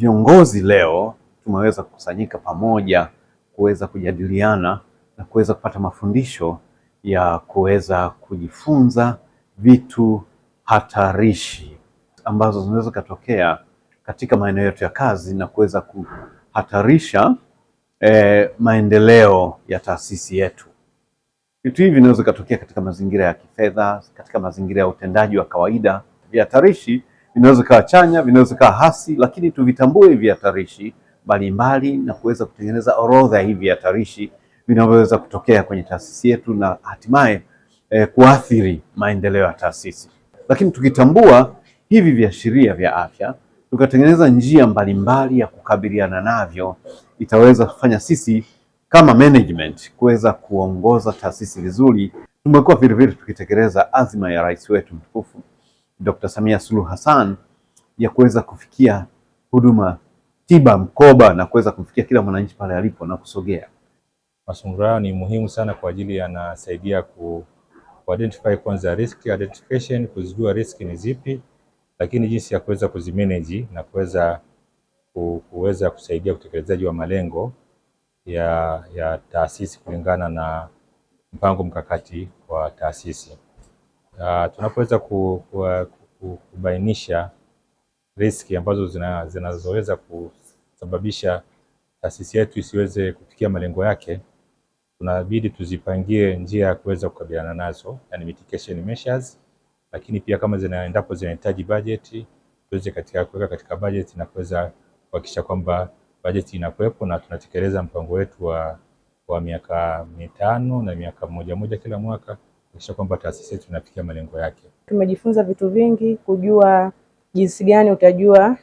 Viongozi leo tumeweza kukusanyika pamoja kuweza kujadiliana na kuweza kupata mafundisho ya kuweza kujifunza vitu hatarishi ambazo zinaweza kutokea katika maeneo yetu ya kazi na kuweza kuhatarisha eh, maendeleo ya taasisi yetu. Vitu hivi vinaweza kutokea katika mazingira ya kifedha, katika mazingira ya utendaji wa kawaida. Vihatarishi vinaweza kawa chanya, vinaweza kawa hasi, lakini tuvitambue hivi hatarishi mbalimbali na kuweza kutengeneza orodha ya hivi hatarishi vinavyoweza kutokea kwenye taasisi yetu na hatimaye eh, kuathiri maendeleo ya taasisi. Lakini tukitambua hivi viashiria vya afya, tukatengeneza njia mbalimbali ya kukabiliana navyo, itaweza kufanya sisi kama management kuweza kuongoza taasisi vizuri. Tumekuwa vilevile tukitekeleza azima ya rais wetu mtukufu Dr. Samia Suluhu Hassan ya kuweza kufikia huduma tiba mkoba na kuweza kumfikia kila mwananchi pale alipo na kusogea. Masungura hayo ni muhimu sana kwa ajili yanasaidia ku, ku identify kwanza risk identification, kuzijua risk ni zipi, lakini jinsi ya kuweza kuzimanage na kuweza kuweza kusaidia utekelezaji wa malengo ya, ya taasisi kulingana na mpango mkakati wa taasisi uh, tunapoweza ku, ku, ku, kubainisha riski ambazo zinazoweza kusababisha taasisi yetu isiweze kufikia malengo yake, tunabidi tuzipangie njia ya kuweza kukabiliana nazo, yani mitigation measures, lakini pia kama zinaendapo zinahitaji bajeti tuweze katika kuweka katika bajeti na kuweza kuhakikisha kwamba bajeti inakuwepo na tunatekeleza mpango wetu wa, wa miaka mitano na miaka moja moja kila mwaka kuhakikisha kwamba taasisi yetu inafikia malengo yake. Tumejifunza vitu vingi, kujua jinsi gani utajua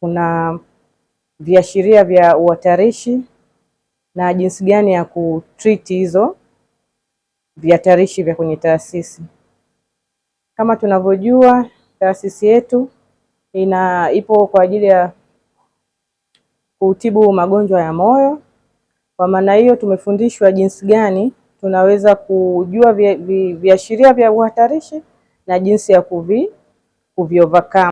kuna viashiria vya uhatarishi na jinsi gani ya kutriti hizo vihatarishi vya kwenye taasisi. Kama tunavyojua taasisi yetu ina ipo kwa ajili ya kutibu magonjwa ya moyo. Kwa maana hiyo, tumefundishwa jinsi gani tunaweza kujua viashiria vya uhatarishi na jinsi ya kuvi, kuviovercome.